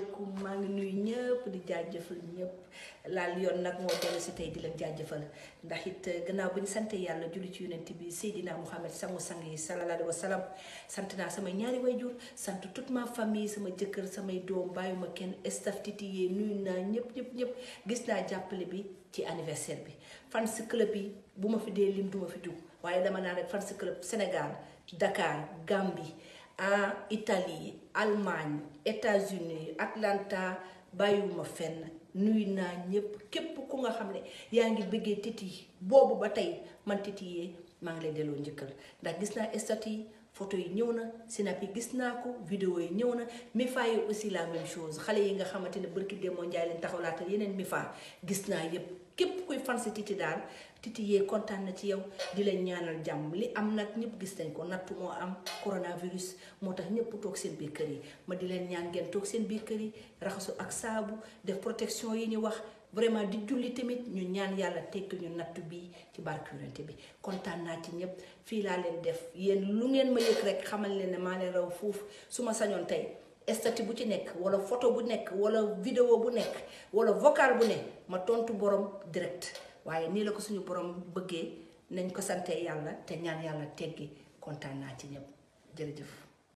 salaamaaleykum maa ngi nuyu ñëpp di jaajëfal ñëpp laal yoon nag moo dellu si tey di leen jaajëfal ndax it eh, gannaaw ba ñu sant yàlla julli ci yonent bi Seydina Mouhamed sangu sang yi sallallahu alayhi wa salaam sant naa samay ñaari wayjur sant toute ma famille sama jëkkër samay doom bàyyuma kenn staff titi yee nuyu naa ñëpp ñëpp ñëpp gis naa jàppale bi ci anniversaire bi fans club bi bu ma fi dee lim du ma fi dugg waaye dama naa rek fans club Sénégal Dakar Gambie. en Italie Allemagne États-Unis Atlanta bàyyiwuma fenn nuyu naa ñëpp képp ku nga xam ne yaa ngi bëggee Titi boobu ba tey man Titi yee maa ngi lay delloo njëkkal ndax gis naa statut foto yi ñëw na si yi gis naa ko video yi ñëw na mifa yi aussi la même chose xale yi nga xamante ne barki demoo njaay leen taxaw laatal yeneen mifa gis naa yépp képp fan si titi daal titi yee kontaan na ci yow di leen ñaanal jàmm li am nag ñëpp gis nañ ko nattu moo am coronavirus moo tax ñëpp toog seen biir kër yi ma di leen ñaan ngeen toog seen biir kër yi raxasu ak saabu def protection yi ñu wax vraiment di julli tamit ñu ñaan yàlla tekki ñu nattu bi ci barkurante bi kontaan naa ci ñëpp fii laa leen def yéen lu ngeen ma yëg rek xamal leen ne maa leen raw foofu su ma sañoon tey statut bu ci nekk wala photo bu nekk wala vidéo bu nekk wala vocal bu ne ma tontu borom direct waaye nii la ko suñu borom bëggee nañ ko sante yàlla te ñaan yàlla teggi kontaan naa ci ñëpp jërëjëf.